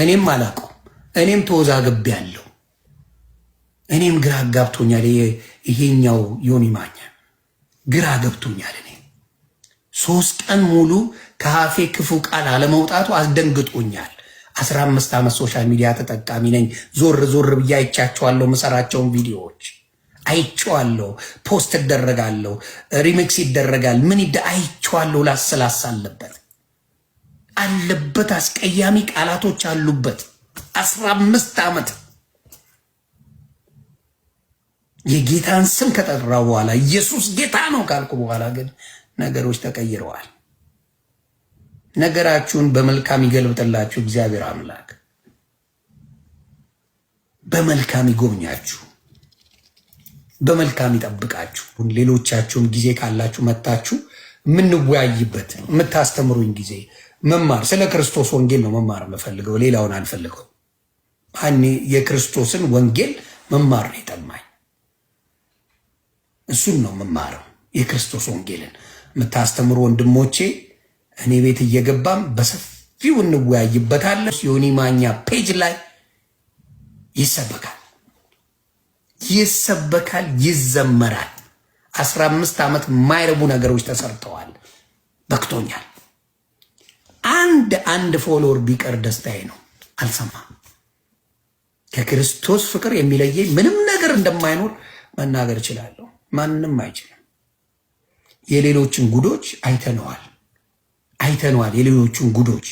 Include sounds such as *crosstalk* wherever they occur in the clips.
እኔም አላውቀው እኔም ተወዛግቤያለሁ። እኔም ግራ ጋብቶኛል። ይሄኛው ዮኒ ማኛ ግራ ገብቶኛል። እኔ ሶስት ቀን ሙሉ ከአፌ ክፉ ቃል አለመውጣቱ አስደንግጦኛል። አስራ አምስት ዓመት ሶሻል ሚዲያ ተጠቃሚ ነኝ። ዞር ዞር ብዬ አይቻቸዋለሁ። መሰራቸውን ቪዲዮዎች አይቸዋለሁ። ፖስት እደረጋለሁ፣ ሪሚክስ ይደረጋል። ምን አይቼዋለሁ። ላስላስ አለበት አለበት አስቀያሚ ቃላቶች አሉበት። አስራ አምስት ዓመት የጌታን ስም ከጠራ በኋላ ኢየሱስ ጌታ ነው ካልኩ በኋላ ግን ነገሮች ተቀይረዋል። ነገራችሁን በመልካም ይገልብጥላችሁ እግዚአብሔር አምላክ በመልካም ይጎብኛችሁ፣ በመልካም ይጠብቃችሁ። ሌሎቻችሁም ጊዜ ካላችሁ መታችሁ የምንወያይበት የምታስተምሩኝ ጊዜ መማር ስለ ክርስቶስ ወንጌል ነው መማር የምፈልገው፣ ሌላውን አልፈልገው። አኔ የክርስቶስን ወንጌል መማር ነው የጠማኝ። እሱን ነው መማረው፣ የክርስቶስ ወንጌልን የምታስተምሩ ወንድሞቼ፣ እኔ ቤት እየገባም በሰፊው እንወያይበታለን። ዮኒ ማኛ ፔጅ ላይ ይሰበካል፣ ይሰበካል፣ ይዘመራል። አስራ አምስት ዓመት የማይረቡ ነገሮች ተሰርተዋል። በክቶኛል። አንድ አንድ ፎሎወር ቢቀር ደስታዬ ነው። አልሰማም። ከክርስቶስ ፍቅር የሚለየኝ ምንም ነገር እንደማይኖር መናገር እችላለሁ። ማንም አይችልም። የሌሎችን ጉዶች አይተነዋል አይተነዋል። የሌሎችን ጉዶች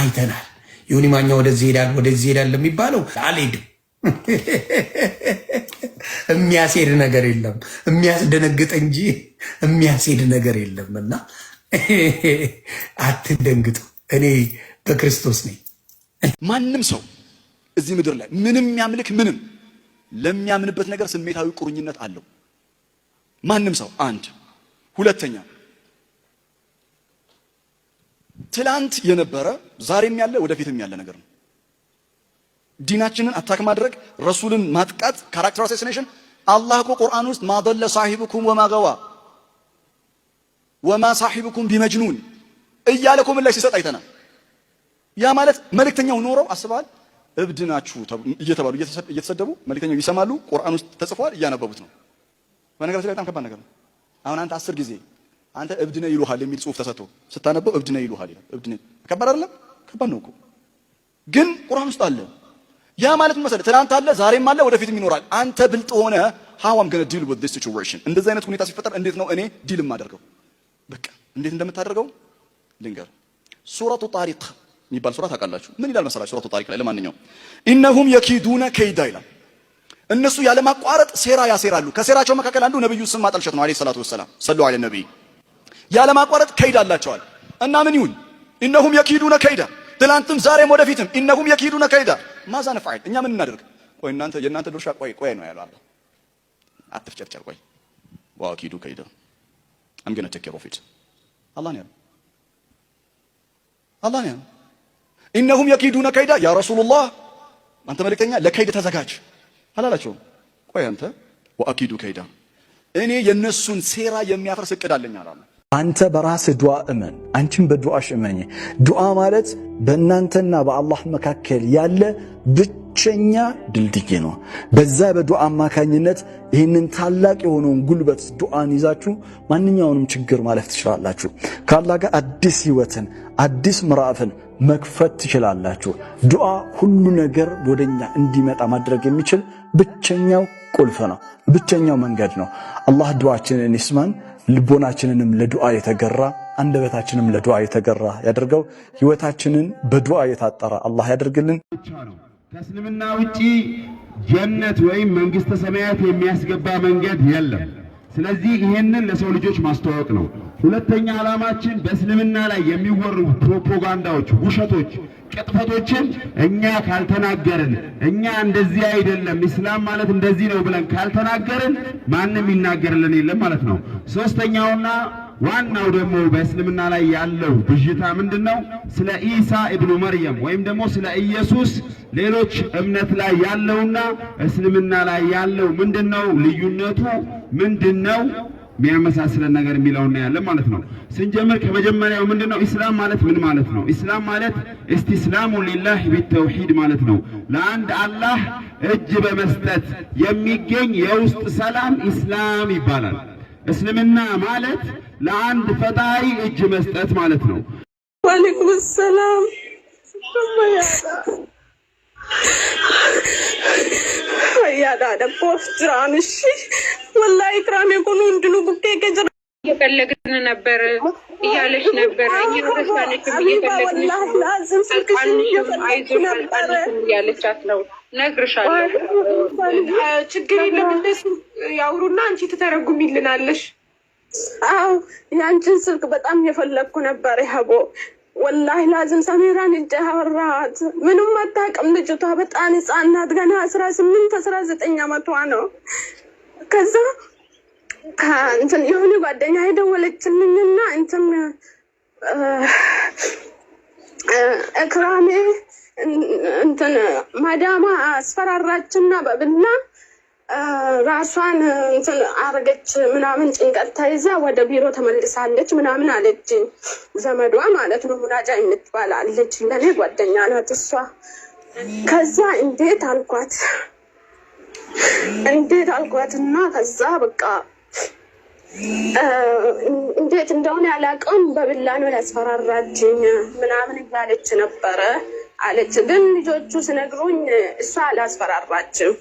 አይተናል። ይሁን ማኛ ወደዚህ ሄዳል ወደዚህ ሄዳል ለሚባለው አልሄድም። *laughs* የሚያስሄድ ነገር የለም። የሚያስደነግጥ እንጂ የሚያስሄድ ነገር የለም እና *laughs* አትደንግጡ። እኔ በክርስቶስ ነኝ። ማንም ሰው እዚህ ምድር ላይ ምንም የሚያምልክ ምንም ለሚያምንበት ነገር ስሜታዊ ቁርኝነት አለው። ማንም ሰው አንድ ሁለተኛ ትላንት የነበረ ዛሬም ያለ ወደፊትም ያለ ነገር ነው። ዲናችንን አታክ ማድረግ፣ ረሱልን ማጥቃት፣ ካራክተር አሳሲኔሽን። አላህ እኮ ቁርአን ውስጥ ማደለ ሳሂብኩም ወማገዋ ወማ ሳሂብኩም ቢመጅኑን እያለ እኮ ምላሽ ሲሰጥ አይተናል። ያ ማለት መልእክተኛው ኖረው አስበሃል። እብድ ናችሁ እየተባሉ እየተሰደቡ መልእክተኛው ይሰማሉ። ቁርአን ውስጥ ተጽፏል፣ እያነበቡት ነው። በነገራችን ላይ በጣም ከባድ ነገር ነው። አሁን አንተ አስር ጊዜ አንተ እብድ ነህ ይሉሃል የሚል ጽሁፍ ተሰጥቶ ስታነበው እብድ ነህ ይሉሃል ይላል። እብድ ነህ ከባድ አይደለም? ከባድ ነው እኮ ግን ቁርአን ውስጥ አለ። ያ ማለት ምን መሰለህ፣ ትናንት አለ፣ ዛሬም አለ፣ ወደፊትም ይኖራል። አንተ ብልጥ ሆነ how I'm going to deal with this situation እንደዚህ አይነት ሁኔታ ሲፈጠር እንዴት ነው እኔ ዲል የማደርገው? በቃ እንዴት እንደምታደርገው ልንገር ሱረቱ ጣሪቅ የሚባል ሱራ ታውቃላችሁ። ምን ይላል መሰላችሁ? ሱረቱ ጣሪቅ ላይ ለማንኛውም ኢነሁም የኪዱነ ከይዳ ይላል። እነሱ ያለማቋረጥ ሴራ ያሴራሉ። ከሴራቸው መካከል አንዱ ነብዩ ስም ማጠልሸት ነው። አለይሂ ሰላቱ ወሰላም ሰሉ አለ ነብይ ያለማቋረጥ ከይዳ አላቸዋል። እና ምን ይሁን? ኢነሁም የኪዱነ ከይዳ ትላንትም፣ ዛሬም፣ ወደፊትም ኢነሁም የኪዱነ ከይዳ ማዛ ነፍዓል። እኛ ምን እናደርግ? ቆይ እናንተ የእናንተ ድርሻ ቆይ ቆይ ነው ያለው አለ። አትፍጨርጨር ቆይ ዋኪዱ ከይዳ አምገነ ተከሮፊት አላህ ነው ያለው አላህ ነው ያለው። ኢነሁም የኪዱነ ከይዳ ያ ረሱሉላህ፣ አንተ መልእክተኛ ለከይድ ተዘጋጅ አላላቸውም። ቆይ አንተ ወአኪዱ ከይዳ፣ እኔ የነሱን ሴራ የሚያፈርስ እቅድ አለኝ አላለ። አንተ በራስህ ዱዓ እመን፣ አንቺም በዱዓሽ እመኝ። ዱዓ ማለት በእናንተና በአላህ መካከል ያለ ብቸኛ ድልድጌ ነው። በዛ በዱዓ አማካኝነት ይህንን ታላቅ የሆነውን ጉልበት ዱዓን ይዛችሁ ማንኛውንም ችግር ማለፍ ትችላላችሁ። ከአላህ ጋር አዲስ ህይወትን አዲስ ምዕራፍን መክፈት ትችላላችሁ። ዱዓ ሁሉ ነገር ወደኛ እንዲመጣ ማድረግ የሚችል ብቸኛው ቁልፍ ነው፣ ብቸኛው መንገድ ነው። አላህ ዱዓችንን ይስማን፣ ልቦናችንንም ለዱዓ የተገራ አንደበታችንም ለዱዓ የተገራ ያደርገው፣ ህይወታችንን በዱዓ የታጠረ አላህ ያደርግልን። ከእስልምና ውጪ ጀነት ወይም መንግስተ ሰማያት የሚያስገባ መንገድ የለም። ስለዚህ ይህንን ለሰው ልጆች ማስተዋወቅ ነው። ሁለተኛ ዓላማችን በእስልምና ላይ የሚወሩ ፕሮፓጋንዳዎች፣ ውሸቶች፣ ቅጥፈቶችን እኛ ካልተናገርን እኛ እንደዚህ አይደለም ኢስላም ማለት እንደዚህ ነው ብለን ካልተናገርን ማንም ይናገርልን የለም ማለት ነው። ሶስተኛውና ዋናው ደግሞ በእስልምና ላይ ያለው ብዥታ ምንድነው? ስለ ኢሳ ኢብኑ መርየም ወይም ደግሞ ስለ ኢየሱስ ሌሎች እምነት ላይ ያለውና እስልምና ላይ ያለው ምንድነው? ልዩነቱ ምንድነው? የሚያመሳስለን ነገር የሚለው ያለን ማለት ነው። ስንጀምር ከመጀመሪያው ምንድነው? ኢስላም ማለት ምን ማለት ነው? ኢስላም ማለት እስቲስላሙ ሊላህ ቢተውሂድ ማለት ነው። ለአንድ አላህ እጅ በመስጠት የሚገኝ የውስጥ ሰላም ኢስላም ይባላል። እስልምና ማለት ለአንድ ፈጣሪ እጅ መስጠት ማለት ነው። ወአለይኩም ሰላም። ወያዳ ደፖፍትራንሽ ወላሂ ክራሜ ኮኑ እንድኑ ጉዴ ገጀራ እየፈለግን ነበር እያለች ነበር። እየተሳነችም እየፈለግንሽም አይዞሽ እያለቻት ነው። እነግርሻለሁ፣ ችግር የለም እንደሱ ያውሩና አንቺ ትተረጉሚልናለሽ። አው የአንቺን ስልክ በጣም የፈለግኩ ነበር ያቦ ወላሂ ላዝም ሰሜራን እጅ አወራት። ምንም አታውቅም ልጅቷ፣ በጣም ህጻናት ገና አስራ ስምንት አስራ ዘጠኝ አመቷ ነው ከዛ ከእንትን የሆነ ጓደኛ የደወለችልኝና እንትን እክራሜ እንትን ማዳማ አስፈራራችና በብና ራሷን እንትን አረገች ምናምን ጭንቀት ተይዛ ወደ ቢሮ ተመልሳለች ምናምን አለች። ዘመዷ ማለት ነው ሙናጃ የምትባል አለች፣ ለኔ ጓደኛ ናት እሷ። ከዛ እንዴት አልኳት እንዴት አልኳትና ከዛ በቃ እንዴት እንደሆነ ያላቀውን በብላ ነው ያስፈራራችኝ ምናምን እያለች ነበረ አለች። ግን ልጆቹ ስነግሩኝ እሷ አላስፈራራችም።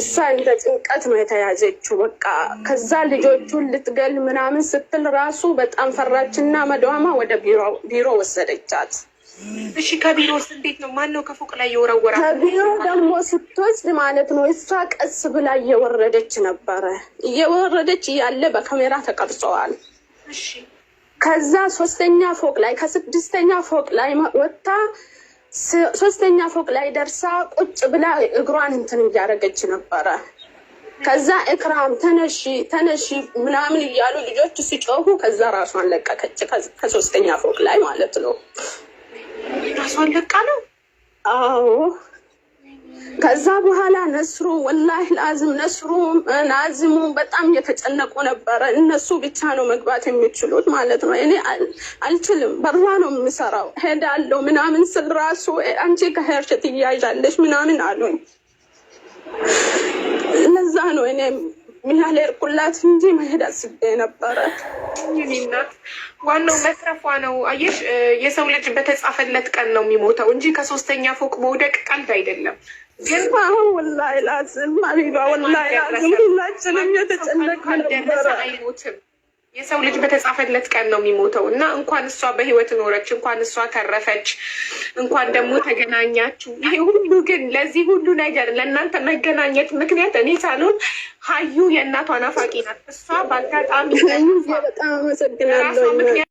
እሷ እንደ ጭንቀት ነው የተያዘችው። በቃ ከዛ ልጆቹን ልትገል ምናምን ስትል ራሱ በጣም ፈራችና መድዋማ ወደ ቢሮ ወሰደቻት። እሺ ከቢሮስ እንዴት ነው? ማን ነው ከፎቅ ላይ የወረወራ? ከቢሮ ደግሞ ስትወስድ ማለት ነው እሷ ቀስ ብላ እየወረደች ነበረ። እየወረደች እያለ በካሜራ ተቀርጸዋል። ከዛ ሶስተኛ ፎቅ ላይ ከስድስተኛ ፎቅ ላይ ወጥታ ሶስተኛ ፎቅ ላይ ደርሳ ቁጭ ብላ እግሯን እንትን እያደረገች ነበረ። ከዛ እክራም ተነሺ ተነሺ ምናምን እያሉ ልጆች ሲጮሁ ከዛ ራሷን ለቀቀች ከሶስተኛ ፎቅ ላይ ማለት ነው። ራሷን ለቃ ነው። አዎ ከዛ በኋላ ነስሩ ወላሂ ለአዝም ነስሩ ናዝሙ በጣም እየተጨነቁ ነበረ። እነሱ ብቻ ነው መግባት የሚችሉት ማለት ነው። እኔ አልችልም፣ በራ ነው የምሰራው፣ ሄዳለው ምናምን ስል ራሱ አንቺ ከሄርሽ ትያያዣለሽ ምናምን አሉኝ። እነዛ ነው እኔ ምናለ እርቁላት እንጂ መሄድ አስቤ ነበረ። ናት ዋናው መትረፏ ነው። አየሽ፣ የሰው ልጅ በተጻፈለት ቀን ነው የሚሞተው እንጂ ከሶስተኛ ፎቅ መውደቅ ቀልድ አይደለም። ግን አሁን ወላሂ ላዝም አቢባ፣ ወላሂ ላዝም ሁላችንም የተጨነቀ ነበረ። አይሞትም የሰው ልጅ በተጻፈለት ቀን ነው የሚሞተው እና እንኳን እሷ በህይወት ኖረች፣ እንኳን እሷ ተረፈች። እንኳን ደግሞ ተገናኛችሁ። ይህ ሁሉ ግን ለዚህ ሁሉ ነገር ለእናንተ መገናኘት ምክንያት እኔ ሳልሆን ሀዩ የእናቷ ናፋቂ ናት። እሷ በአጋጣሚ በጣም አመሰግናለሁ።